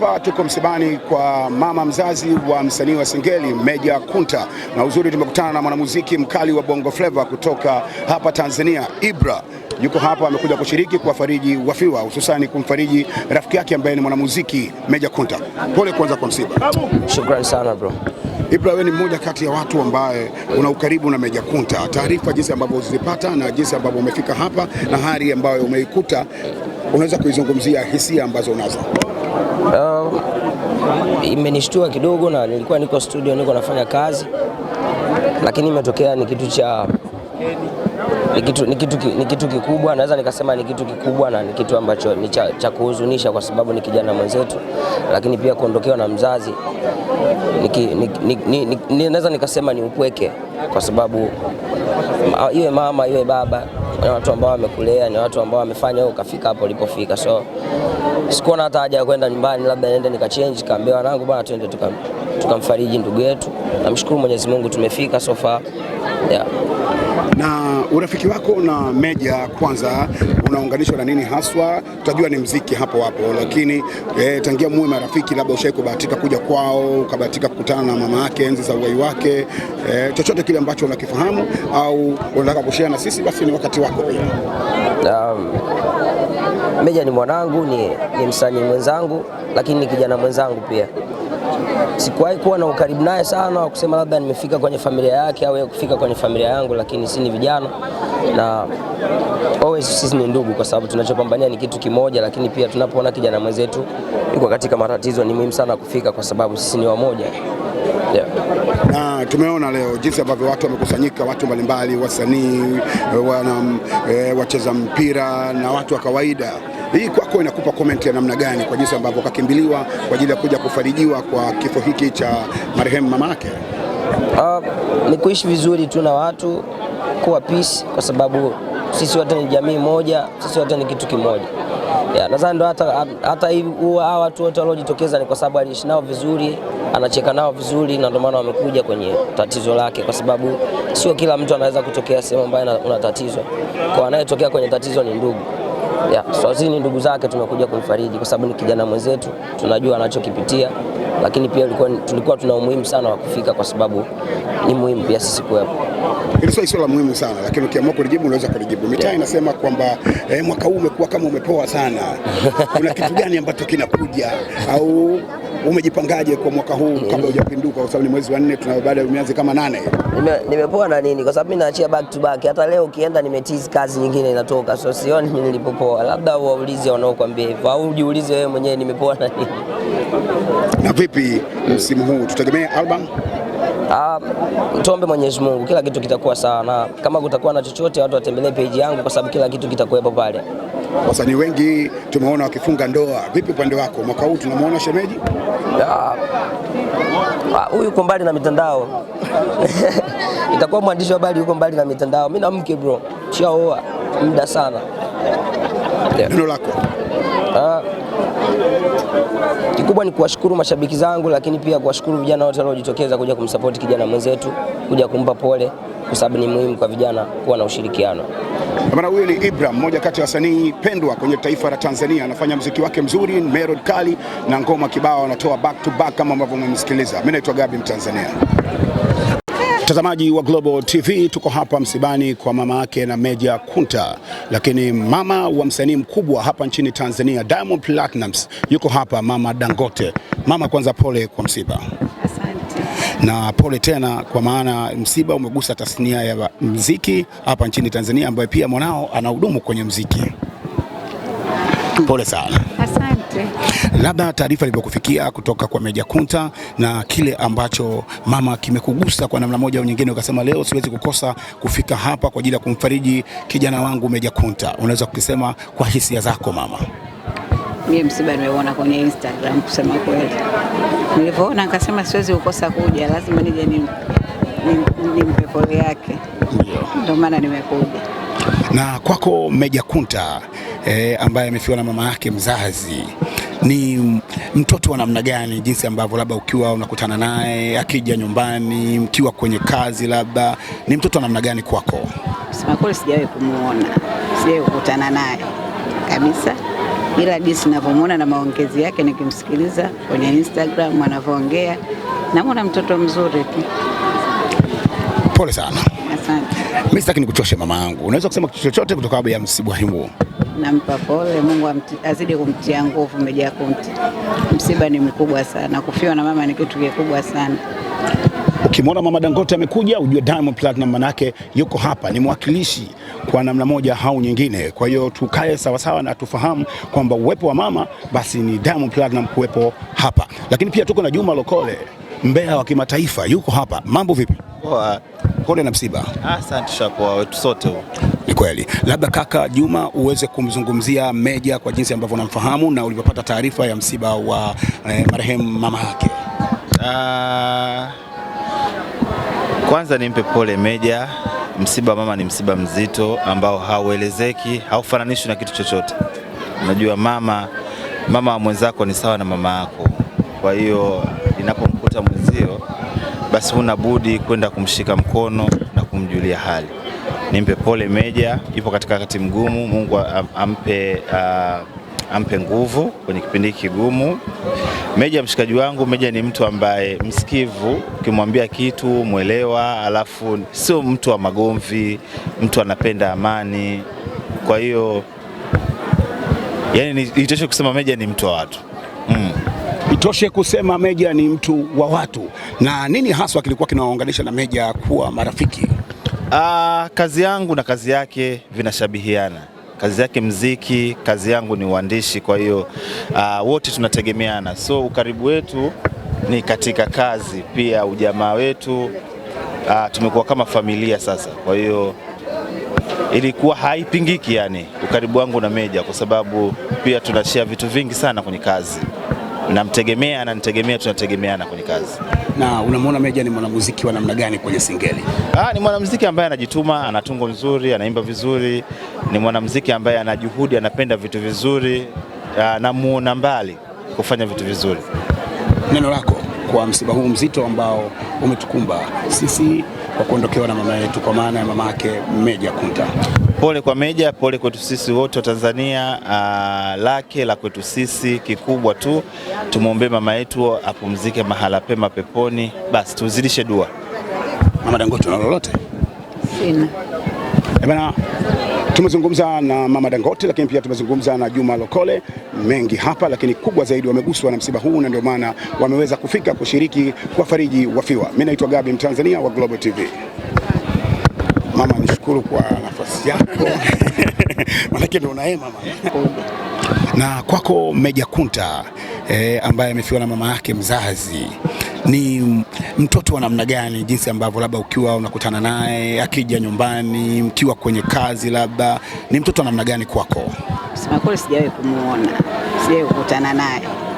Hapa tuko msibani kwa mama mzazi wa msanii wa Singeli Meja Kunta, na uzuri tumekutana na mwanamuziki mkali wa Bongo Flava kutoka hapa Tanzania, Ibra yuko hapa, amekuja kushiriki kuwafariji wafiwa, hususani kumfariji rafiki yake ambaye ni mwanamuziki Meja Kunta. Pole kwanza kwa msiba. Shukrani sana bro. Ibra, wewe ni mmoja kati ya watu ambaye una ukaribu na Meja Kunta. Taarifa jinsi ambavyo uzipata na jinsi ambavyo umefika hapa na hali ambayo umeikuta, unaweza kuizungumzia hisia ambazo unazo? Uh, imenishtua kidogo na nilikuwa niko studio, niko nafanya kazi, lakini imetokea ni kitu cha ni kitu, ni kitu, ni kitu kikubwa, naweza nikasema ni kitu kikubwa na ni kitu ambacho ni cha, cha kuhuzunisha kwa sababu ni kijana mwenzetu, lakini pia kuondokewa na mzazi naweza nikasema ni upweke, kwa sababu iwe mama iwe baba ni watu ambao wamekulea, ni watu ambao wamefanya wewe ukafika hapo ulipofika. So sikuona hata haja ya kwenda nyumbani, labda niende nikachange, kaambia wanangu bwana, twende tuka tukamfariji ndugu yetu. Namshukuru Mwenyezi Mungu tumefika so far. Yeah. Na urafiki wako na Meja kwanza unaunganishwa na nini haswa? Tutajua ni mziki hapo hapo, lakini eh, tangia muwe marafiki, labda ushai kubahatika kuja kwao, ukabahatika kukutana na mama yake enzi za uhai wake, eh, chochote kile ambacho unakifahamu au unataka kushare na sisi, basi ni wakati wako pia. Um, Meja ni mwanangu, ni, ni msanii mwenzangu, lakini ni kijana mwenzangu pia sikuwahi kuwa na ukaribu naye sana wa kusema labda nimefika kwenye familia yake au kufika kwenye familia yangu, lakini si ni vijana na always sisi ni ndugu, kwa sababu tunachopambania ni kitu kimoja. Lakini pia tunapoona kijana mwenzetu yuko katika matatizo, ni muhimu sana kufika, kwa sababu sisi ni wamoja. Yeah. Na tumeona leo jinsi ambavyo watu wamekusanyika, watu mbalimbali, wasanii, wana, e, wacheza mpira na watu wa kawaida hii kwako inakupa comment ya namna gani kwa jinsi ambavyo kakimbiliwa kwa ajili ya kuja kufarijiwa kwa kifo hiki cha marehemu mama yake? Uh, ah, ni kuishi vizuri tu na watu kuwa peace, kwa sababu sisi wote ni jamii moja, sisi wote ni kitu kimoja. Nadhani ndo hata hata hawa watu wote waliojitokeza ni kwa sababu aliishi nao vizuri, anacheka nao vizuri, na ndio maana wamekuja kwenye tatizo lake, kwa sababu sio kila mtu anaweza kutokea sehemu ambayo una tatizo. Kwa anayetokea kwenye tatizo ni ndugu ya Swazini so, ndugu zake tumekuja kumfariji kwa sababu ni kijana mwenzetu, tunajua anachokipitia, lakini pia ulikuwa, tulikuwa tuna umuhimu sana wa kufika kwa sababu ni muhimu pia sisi kuwepo. Hili swali la muhimu sana, lakini ukiamua kulijibu unaweza kulijibu. Mitaa yeah, inasema kwamba eh, mwaka huu umekuwa kama umepoa sana. Kuna kitu gani ambacho kinakuja au umejipangaje kwa mwaka huu kabla hujapinduka? Kwa sababu ni mwezi wa nne, tuna baada ya miezi kama nane nimepoa na nini? Kwa sababu mimi naachia back to back. Hata leo ukienda nimetizi kazi nyingine inatoka, so sioni mimi nilipopoa. Labda waulize wanaokuambia hivyo, au ujiulize wewe mwenyewe nimepoa na nini. Na vipi msimu huu tutegemee album? Ah, tuombe Mwenyezi Mungu kila kitu kitakuwa sawa, na kama kutakuwa na chochote watu watembelee page yangu, kwa sababu kila kitu kitakuwepo pale. Wasanii wengi tumeona wakifunga ndoa. Vipi upande wako, mwaka huu tunamuona shemeji? Ah, Ah, huyu yuko mbali na mitandao itakuwa mwandishi wa habari yuko mbali na mitandao. Mimi na mke bro, shaoa muda sana. Neno lako ah. kikubwa ni kuwashukuru mashabiki zangu, lakini pia kuwashukuru vijana wote waliojitokeza kuja kumsapoti kijana mwenzetu, kuja kumpa pole kwa sababu ni muhimu kwa vijana kuwa na ushirikiano. Bwana huyu ni Ibra, mmoja kati ya wasanii pendwa kwenye taifa la Tanzania. Anafanya mziki wake mzuri, melody kali na ngoma kibao, anatoa back to back kama ambavyo mmemsikiliza. Mimi naitwa Gabi Mtanzania. Mtazamaji wa Global TV, tuko hapa msibani kwa mama yake na Meja Kunta, lakini mama wa msanii mkubwa hapa nchini Tanzania Diamond Platnumz yuko hapa, mama Dangote. Mama, kwanza pole kwa msiba na pole tena, kwa maana msiba umegusa tasnia ya mziki hapa nchini Tanzania, ambayo pia mwanao anahudumu kwenye mziki. Pole sana, asante. Labda taarifa ilivyokufikia kutoka kwa Meja Kunta na kile ambacho mama kimekugusa kwa namna moja au nyingine, ukasema leo siwezi kukosa kufika hapa kwa ajili ya kumfariji kijana wangu Meja Kunta, unaweza kukisema kwa hisia zako mama? mie msiba nimeuona kwenye Instagram, kusema kweli. Nilivyoona nikasema siwezi kukosa kuja, lazima nije nimpe pole yake, ndio maana nimekuja. Na kwako Meja Kunta eh, ambaye amefiwa na mama yake mzazi ni mtoto wa namna gani, jinsi ambavyo labda ukiwa unakutana naye akija nyumbani, mkiwa kwenye kazi, labda ni mtoto wa namna gani kwako? Sema kweli, sijawahi kumuona, sijawahi kukutana naye kabisa ila jinsi ninavyomwona na maongezi yake, nikimsikiliza kwenye Instagram anavyoongea, namwona mtoto mzuri tu. Pole sana. Asante. Mimi sitaki nikuchoshe mama yangu, unaweza kusema kitu chochote kutoka baada ya msiba huu? Nampa pole, Mungu azidi kumtia nguvu Meja Kunti. Msiba ni mkubwa sana, kufiwa na mama ni kitu kikubwa sana. Ukimwona mama Dangote amekuja, ujue Diamond Platinum manake yuko hapa, ni mwakilishi kwa namna moja au nyingine. Kwa hiyo tukae sawasawa na tufahamu kwamba uwepo wa mama basi ni Diamond Platnumz kuwepo hapa, lakini pia tuko na Juma Lokole mbea wa kimataifa yuko hapa. Mambo vipi? Poa. Pole na msiba. Asante, tushapoa wetu sote Ni kweli. Labda kaka Juma uweze kumzungumzia Meja kwa jinsi ambavyo unamfahamu na ulivyopata taarifa ya msiba wa eh, marehemu mama yake. Uh, kwanza nimpe pole Meja msiba wa mama ni msiba mzito ambao hauelezeki, haufananishwi na kitu chochote. Unajua mama, mama wa mwenzako ni sawa na mama yako, kwa hiyo inapomkuta mwenzio, basi huna budi kwenda kumshika mkono na kumjulia hali. Nimpe pole Meja, yupo katika wakati mgumu. Mungu ampe, uh, ampe nguvu kwenye kipindi kigumu. Meja mshikaji wangu, Meja ni mtu ambaye msikivu, ukimwambia kitu mwelewa, alafu sio mtu wa magomvi, mtu anapenda amani. Kwa hiyo yani itoshe kusema Meja ni mtu wa watu mm. Itoshe kusema Meja ni mtu wa watu. Na nini haswa kilikuwa kinawaunganisha na Meja kuwa marafiki? Aa, ah, kazi yangu na kazi yake vinashabihiana kazi yake mziki, kazi yangu ni uandishi. Kwa hiyo uh, wote tunategemeana, so ukaribu wetu ni katika kazi pia, ujamaa wetu uh, tumekuwa kama familia sasa. Kwa hiyo ilikuwa haipingiki, yani ukaribu wangu na Meja, kwa sababu pia tunashare vitu vingi sana kwenye kazi, namtegemea, ananitegemea, tunategemeana kwenye kazi na unamwona Meja ni mwanamuziki wa namna gani kwenye singeli? Ah, ni mwanamuziki ambaye anajituma, ana tungo nzuri, anaimba vizuri, ni mwanamuziki ambaye ana juhudi, anapenda vitu vizuri, anamuona ah, mbali kufanya vitu vizuri. Neno lako kwa msiba huu mzito ambao umetukumba sisi kwa kuondokewa na mama yetu, kwa maana ya mama yake Meja Kunta. Pole kwa Meja, pole kwetu sisi wote wa Tanzania. Ah, lake la kwetu sisi kikubwa tu tumwombee mama yetu apumzike mahala pema peponi, basi tuzidishe dua. Mama Dangote, una lolote? Sina. Ebana, Tumezungumza na Mama Dangote, lakini pia tumezungumza na Juma Lokole, mengi hapa, lakini kubwa zaidi wameguswa na msiba huu na ndio maana wameweza kufika kushiriki kwa fariji wafiwa. Mimi naitwa Gabi Mtanzania wa Global TV. Mama, nishukuru kwa nafasi yako manake ndio unaema mama. Na kwako Meja Kunta eh, ambaye amefiwa na mama yake mzazi ni mtoto wa namna gani, jinsi ambavyo labda ukiwa unakutana naye akija nyumbani, mkiwa kwenye kazi, labda ni mtoto wa namna gani kwako? Sema kweli, sijawahi kumuona, sijawahi kukutana naye.